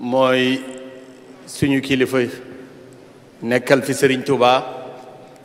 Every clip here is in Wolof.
mooy suñu kilifa nekkal fi Serigne Touba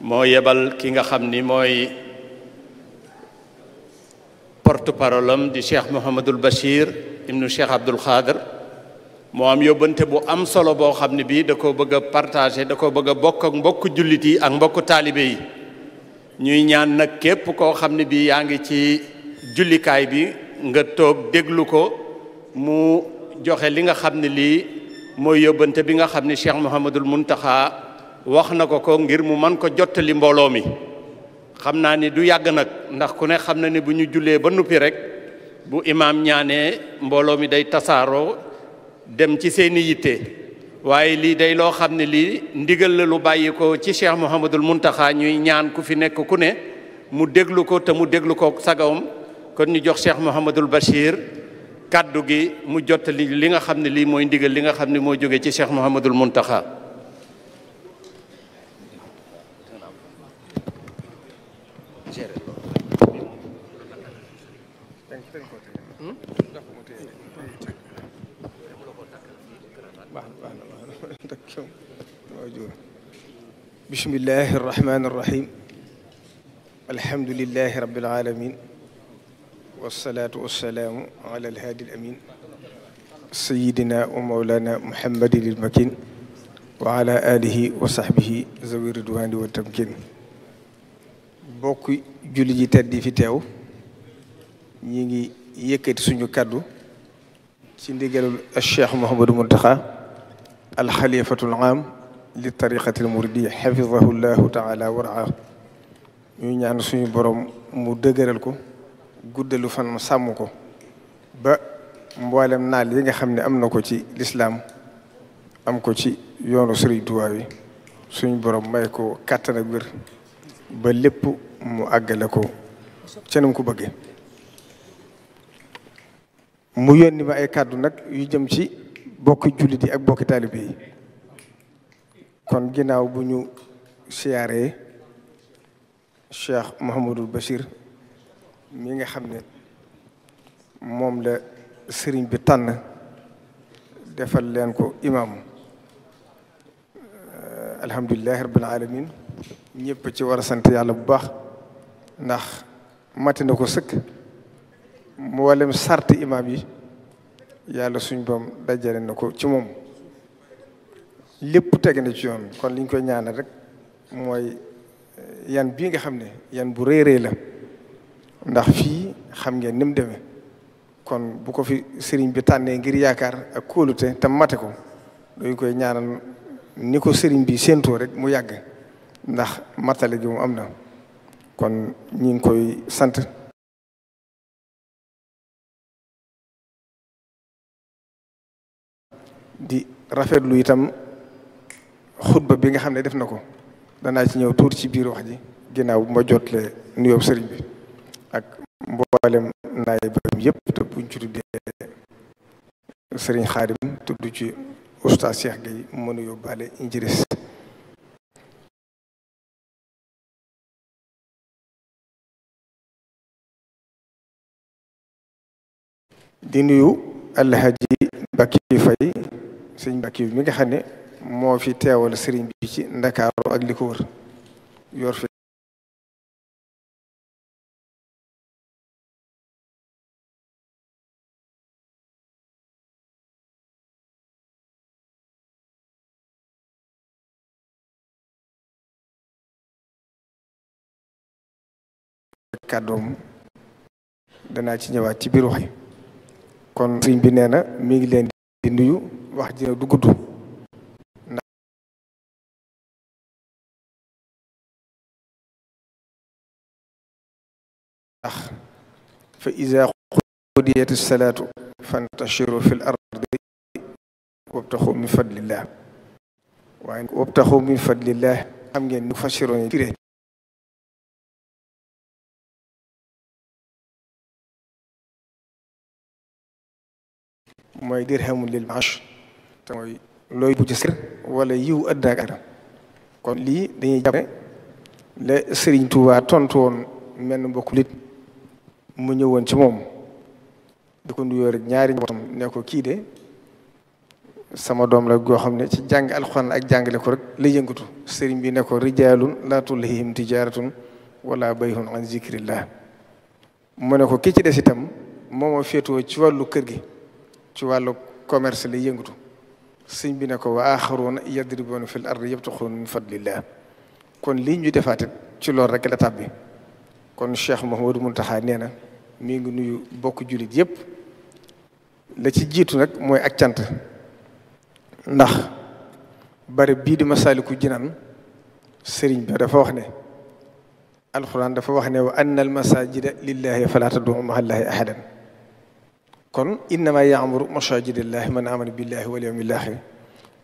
moo yebal ki nga xam ni mooy porte parole am di Cheikh Mouhamadul Bachir ibnu Cheikh Abdoul Khader moo am yóbbante bu am solo boo xam ne bii da ko bëgg a partagé da ko bëgg bokk ak mbokk jullit yi ak mbokku taalibe yi ñuy ñaan nag képp koo xam ne bii yaa ngi ci jullikaay bi nga toog déglu ko mu joxe li nga xam ne lii mooy yóbbante bi nga xam ne Cheikh Mouhamadul Mountakha wax na ko ko ngir mu mën ko jottali mbooloo mi xam naa ni du yàgg nag ndax ku ne xam na ni bu ñu julee ba nuppi rek bu imam ñaanee mbooloo mi day tasaaroo dem ci seeni yitte waaye lii day loo xam ne lii ndigal la lu bàyyi ko ci Cheikh Mouhamadul Mountakha ñuy ñaan ku fi nekk ku ne mu déglu ko te mu déglu ko sagawam kon ñu jox Cheikh Mouhamadul Bachir kàddu gi mu jottali li nga xam ne lii mooy ndigal li nga xam ne moo jóge ci Cheikh Mouhamadul Mountakha bismillahi rahmaani rahim alhamdulillahi rabbil alamin wasalaatu wasalaamu ala alhaadi al amin sayidina wa mawlana muhammadin il makin wa ala alihi wa sahbihi zawi ridwani wa tamkin bokk julli ji tedd fi teew ñi ngi yëkkati suñu kàddu ci ndigalul cheikh Mouhamadou Mountakha alxalifatul aam li tariqati al muridi xafidahu llahu taala wa raa ñu ñaan suñu borom mu dëgëral ko guddalu fan mu sàmm ko ba mboolem naal yi nga xam ne am na ko ci lislaam am ko ci yoonu Sëriñ Tuubaa yi suñ borom may ko kàttan ak ba lépp mu àggale ko ca ko bëgge mu yónni ma ay kàddu nag yu jëm ci bokki jullit yi ak bokki taalibe kon ginnaaw bu ñu siyaaree Cheikh Mouhamadul Bachir mii nga xam ne moom la sëriñ bi tànn defal leen ko imaam euh, alhamdulilahi rabbil alamin ñëpp ci war a sant yàlla bu baax ndax mati na ko sëkk mboolem sart imaam yi yàlla suñ boom dajale na ko ci moom lépp teg na ci yoon kon liñ koy ñaanal rek mooy euh, yan bii nga xam ne yan bu réy la ndax fii xam ngeen ni mu demee kon bu ko fi sëriñ bi tànnee ngir yaakaar ak kóolute tam mate ko dañ koy ñaanal ni ko sëriñ bi séentoo rek mu yàgg ndax matale gi mu am na kon ñi ngi koy sant di rafetlu itam xutba bi nga xam ne def na ko danaa ci ñëw tuur ci biir wax ji ginnaaw bu ma jotle nuyoo sëriñ bi mboolem naay borom yëpp te buñ ci tuddee sëriñ xaadim tudd ci oustaz Cheikh Gueye mënu yóbbaale njëris di nuyu alhaji Bakki Fay sëñ Bakki mi nga xam ne moo fi teewal sëriñ bi ci ndakaaru ak likowër yor fi kàddoom danaa ci ñëwaat ci biir wax yi kon sëriñ bi nee na mi ngi leen di nuyu wax ji du gudd ndax fa iza qudiyati salaatu fantashiru fil ardi wabtaxu min fadlillah waaye wabtaxu min fadlillah xam ngeen nu fasiroon firee mooy dirhamun lil maash te mooy looy bu sir wala yiw ëddaak ak kon lii dañuy jàpp la Sëriñ Tuubaa tontu woon mel ni mbokku mu ñëwoon ci moom di ko nuyoo rek ñaari njabootam ne ko kii de sama doom la goo xam ne ci jàng alxuraan ak jàngale ko rek la yëngatu sëriñ bi ne ko rijaalun laa tulhihim tijaaratun wala bayhun an zikrillah mu ne ko ki ci des itam mooma ci wàllu kër gi ci wàllu commerce lay yëngatu sëñ bi ne ko waa wa axaruuna yadribuuna fil ardi yabtaxuuna min fadlillah kon lii ñu defaatit ci loolu rek la bi kon Cheikh Mouhamadou Mountakha nee na mi ngi nuyu bokk jullit yépp la ci jiitu nag mooy ak cant ndax barab bii di Masaalikul jinan sëriñ bi dafa wax ne alxuraan dafa wax ne wa anna al masajida lillahi falaa tad'u ma'a allahi ahadan kon innama yaamuru masajidillaahi man amana billaahi wal yawmil aaxir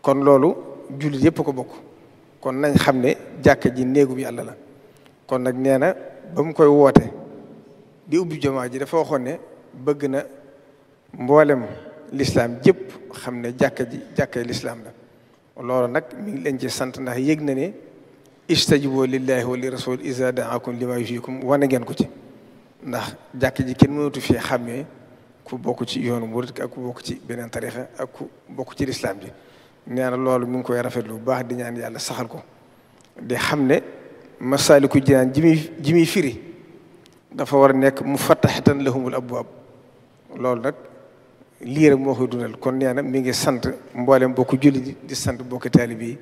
kon loolu jullit yépp ko bokk kon nañ xam ne jàkka ji néegu bi yàlla la kon nag nee na ba mu koy woote di ubbi jamaa ji dafa waxoon ne bëgg na mboolem lislaam jëpp xam ne jàkka ji jàkkay lislaam la loolu nag mi leen ci sant ndax yëg na ne istajibo lillahi wa li rasul isa daakum lima yufikum wane ngeen ko ci ndax jàkk ji kenn mënatu fee xàmmee ku bokk ci yoonu murit ak ku bokk ci beneen tarixa ak ku bokk ci lislaam ji nee loolu mu ngi koy rafet bu baax di ñaan yàlla saxal ko di xam ne masaaliku jinaan ji muy ji muy firi dafa war a nekk mu fattaxatan lahumul abwaab loolu nag lii moo koy dundal kon nee na mi ngi sant mboolem bokk julli di sant bokk taalib yi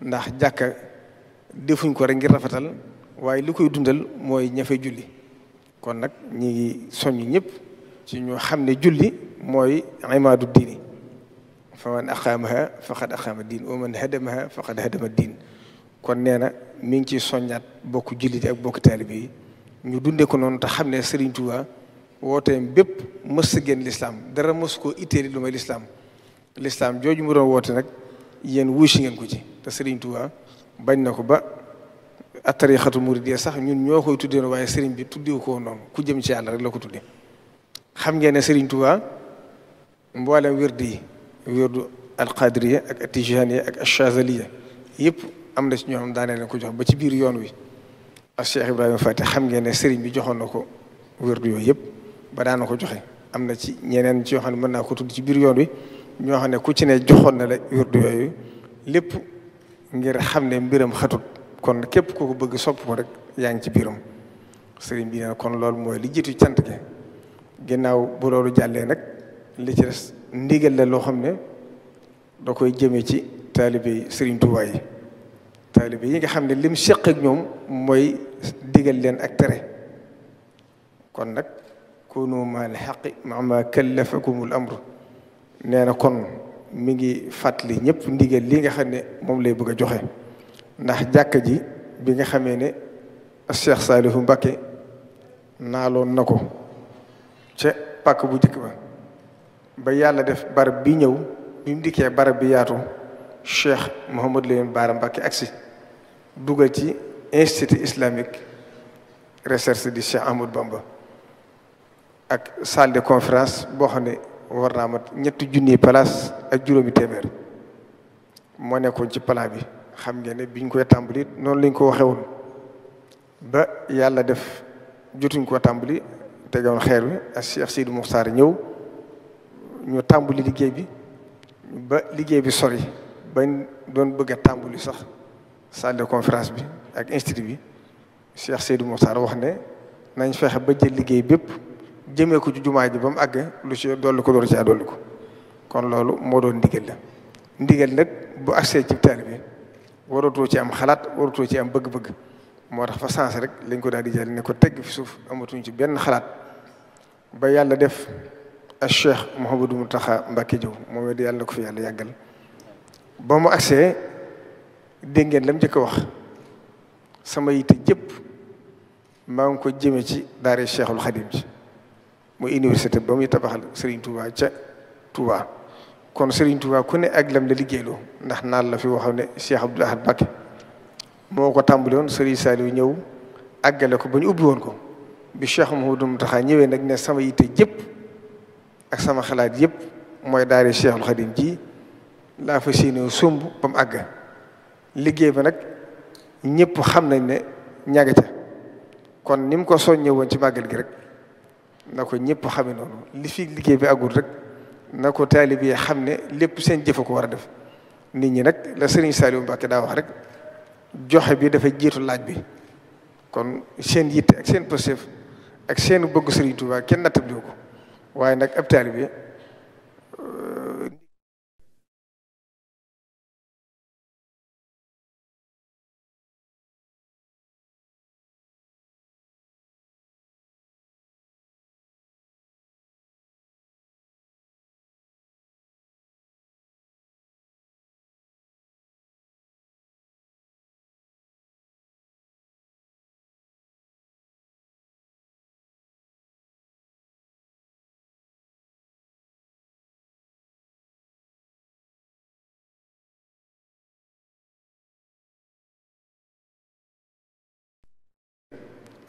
ndax jàkka defuñ ko rek ngir rafetal waaye li koy dundal mooy ñafe fay julli kon nag ñi ngi soññ ñëpp ci ñu xam ne julli mooy imaadu diini fa man aqaamaha faqad aqaama diin wa man hadamaha faqad hadama diin kon nee na mi ngi ciy soññaat bokk jullit ak bokk taalibe yi ñu dundee ko noonu te xam ne Serigne Touba wooteem bépp mës a génn lislaam dara mës koo itteeli lu may lislaam lislaam jooju mu doon woote nag yéen wuusi ngeen ko ci te Serigne Touba bañ na ko ba attarixatu muridiyya sax ñun ñoo koy tuddee waaye Serigne bi tuddee ko noonu ku jëm ci yàlla rek la ko tuddee. xam ngeen ne Serigne Touba mboolem wird yi wirdu alqadiriya ak atijaniya ak achazaliya yëpp am na ci ñoo xam daanee na ko jox ba ci biir yoon wi ak Cheikh Ibrahima Fati xam ngeen ne Serigne bi joxoon na ko wirdu yooyu yëpp ba daan na ko joxe am na ci ñeneen ci yoo xam ne mën naa ko tudd ci biir yoon wi ñoo xam ne ku ci ne joxoon na le wirdu yooyu lépp ngir xam ne mbiram xatut kon képp ku ko bëgg sopp ko rek yaa ngi ci biiram Serigne bi kon loolu mooy li jiitu cant gi ginnaaw bu loolu jàllee nag li ci des ndigal la loo xam ne da koy jëmee ci taalibe yi Sëriñ Tuubaa yi yi nga xam ne lim seq ak ñoom mooy digal leen ak tere kon nag kunu maa al xaqi maa ma kallafakumul amru nee na kon mi ngi fàttali ñëpp ndigal li nga xam ne moom lay bëgg a joxe ndax jàkka ji bi nga xamee ne Cheikh Saliou Mbacké naaloon na ko ca pàkk bu njëkk ba ba yàlla def barab bi ñëw bi mu barab bi yaatu cheikh Mouhamadou Lamine Bara mbakki agsi dugal ci institut islamique recherche di Cheikh Ahmadou Bamba ak salle de conférence boo xam ne war naa mat ñetti junniy place ak juróomi téeméer moo nekkoon ci plan bi xam ngeen ne biñ koy tàmbali noonu lañ ko waxee ba yàlla def jotuñ ko tàmbali tegoon xeer bi ak Cheikh Sidou Mokhtar ñëw ñu tàmbali liggéey bi ba liggéey bi sori bañ doon bëgg a tàmbali sax salle de conférence bi ak institut bi Cheikh Sidou Mokhtar wax ne nañ fexe ba jël liggéey bépp jëmee ko ci jumaa ji ba mu àgg lu ci dolli ko door ci dolli ko kon loolu moo doon ndigal la ndigal nag bu agsee ci taal bi waratu ci am xalaat waratoo ci am bëgg-bëgg. moo tax fa saas rek lañ ko daal di jël ne ko tegg fi suuf amatuñ ci benn xalaat ba yàlla def a cheikh Mouhamadou Mountakha Mbacké Diop moom it yàlla na ko fi yàlla yàggal ba mu agsee dégg ngeen lam njëkk a wax sama yitte jëpp maa ngi ko jëme ci daara cheikhul xadim ci muy université ba muy tabaxal Serigne Touba ca Touba kon Serigne Touba ku ne ak lam la liggéeyloo ndax naan la fi waxam ne Cheikh Abdoul Ahad Mbacké moo ko tàmbali woon Serigne Saliou ñëw àggale ko ba ñu ubbi woon ko bi Cheikh Mouhamadou Mountakha ñëwee nag ne sama yitte jëpp ak sama xalaat yëpp mooy daari Cheikhul Khadim ji laa fa séenoo sumb ba mu àgg liggéey ba nag ñëpp xam nañ ne ñaga kon ni mu ko soññee woon ci màggal gi rek na ko ñëpp xamee noonu li fi liggéey bi àggul rek na ko taalibe yi xam ne lépp seen jëf ko war a def nit ñi rek la Serigne Saliou Mbacké daa wax rek. joxe bi dafa jiitu laaj bi kon seen yitte ak seen pëstéef ak seen bëgg Sëriñ Tuubaa kenn nattab ko waaye nag ab bi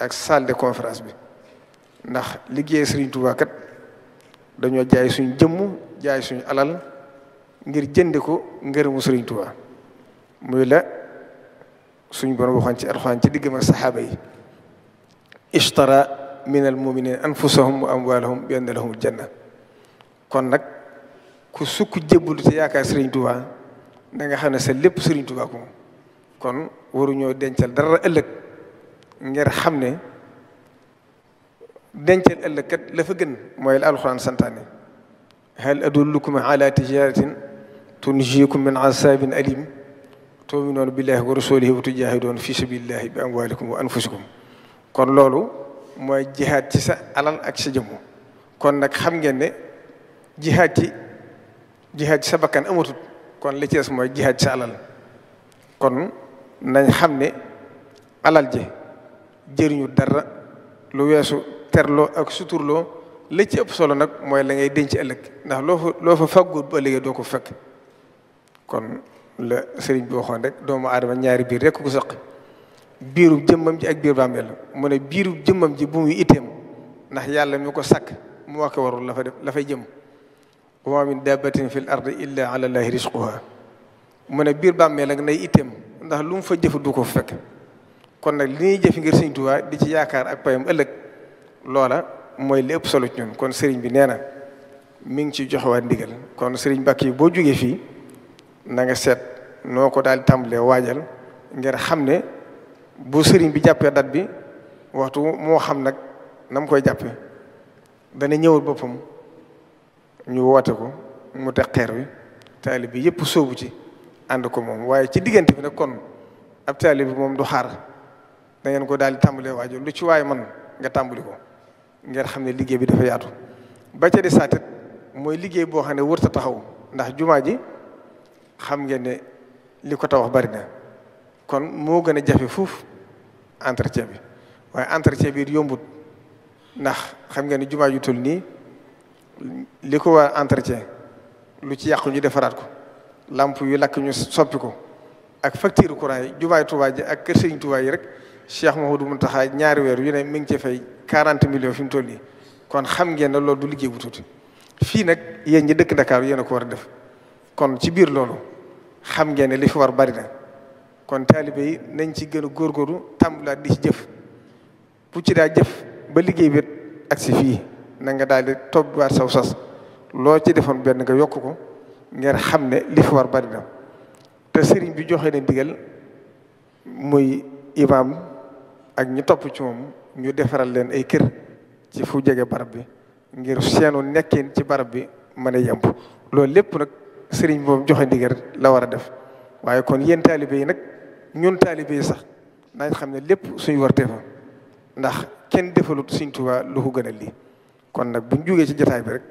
ak salle de conférence bi ndax liggéey Sëriñ Tuubaa dañoo jaay suñ jëmm jaay suñu alal ngir jënd ko ngërëmu Sëriñ Tuubaa muy la suñ borom waxoon ci alxuraan ci digg ma saxaaba yi ishtara min mu am anfusahum wa amwalahum bi anna lahumul janna kon nag ku sukk jébbalu te yaakaar Sëriñ Tuubaa da xam ne sa lépp Sëriñ Tuubaa ko kon waruñoo dencal dara ëllëg ngir xam ne denceel ëllëg kat la fa gën mooy la alxuraan santaane hal adullukum ala tijaratin tunjikum min asabin alim tuminuuna billahi wa rasulihi wa tujahiduuna fi sabilillahi bi amwalikum wa anfusikum kon loolu mooy jihaad ci sa alal ak sa jëmm kon nag xam ngeen ne jihaad ci jihaad ci sa bakkan amatut kon li mooy jihaad ci sa alal kon nañ xam ne alal ji jëriñu dara lu weesu terloo ak suturloo la ci solo nag mooy la ngay denc ëllëg ndax loo fa loo fa fàggut bu ëllëgee doo ko fekk kon la sëriñ bi waxoon rek doomu aadama ñaari biir rek ko saq biiru jëmmam ji ak biir bàmmeel mu ne biiru jëmmam ji bu muy itteem ndax yàlla mi ko sakk mu wax ko warul la fa def la jëm wa ma min dabbatin fil ardi illa ala llahi mu ne biir bàmmeel ak nay itteem ndax lu mu fa jëf du ko fekk kon nag li ñuy jëf ngir sëñ Tuubaa di ci yaakaar ak payam ëllëg loola mooy li solo ci ñun kon sëriñ bi nee na mi ngi ci joxewaat ndigal kon sëriñ Mbàkke yi boo jógee fii nanga seet noo ko daal di tàmbalee waajal ngir xam ne bu sëriñ bi jàppee dat bi waxtu moo xam nag na koy jàppee dana ñëwal boppam ñu woote ko mu teg xeer wi taalib bi yëpp sóobu ci ànd ko moom waaye ci diggante bi nag kon ab taalib bi moom du xaar. da ngeen ko daal di tàmbalee waajo lu ci waay man nga tàmbali ko ngeen xam ne liggéey bi dafa yaatu ba ca di mooy liggéey boo xam ne wërta taxaw ndax jumaa ji xam ngeen ne li ko tabax bari na kon moo gën a jafe fuuf entretien bi waaye entretien bi yombut ndax xam ngeen ne jumaa ju tul nii li ko war entretien lu ci yàqu ñu defaraat ko lamp yu lakk ñu soppi ko ak facture courant yi jumaay Tuubaa ji ak kër Sëriñ Tuubaa yi rek Cheikh Mouhamadou Mountakha ñaari weer yu ne mi ngi ci fay 40 millions fi toll nii kon xam ngeen ne loolu du liggéey bu tuuti fii nag yéen ñi dëkk Dakar yéen ko war a def ci biir loolu xam ngeen ne li fi war bari na kon taalibe yi nañ ci gën a góorgóorlu tàmbalaat di ci jëf bu ci daa jëf ba liggéey bi ak si fii na nga daal di tobbaat saw sas loo ci defoon benn nga yokk ko ngeen xam ne li fi war bari na te sëriñ bi joxe na ndigal muy imaam. ak ñu topp ci moom ñu defaral leen ay kër ci fu jege barab bi ngir seenu nekkin ci barab bi mën a yemb loolu lépp nag sëriñ boobu joxe ndigal la war a def waaye kon yéen taalibe yi nag ñun taalibe yi sax nañ xam ne lépp suñu warte ndax kenn defalut Sëriñ Tuubaa lu ko gën a lii kon nag buñ jógee ci jataay bi rek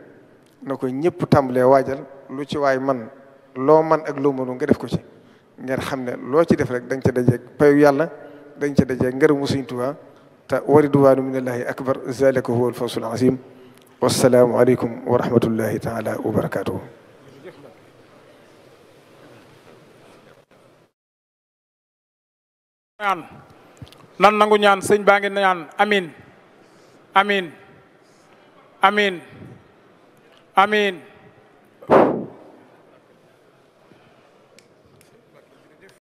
na ko ñëpp tàmbalee waajal lu ci waay man loo man ak loo mënu nga def ko ci ngeen xam ne loo ci def rek da nga ca payu yàlla dañ ca daje ngërëmu Sëriñ Tuubaa te wa ridwaanu minallaahi akbar zaalika huwa alfawzul aziim wassalaamu aleykum wa taala wa barakaatuhu ñaan nan sëñ baa ngi ñaan amin amin amin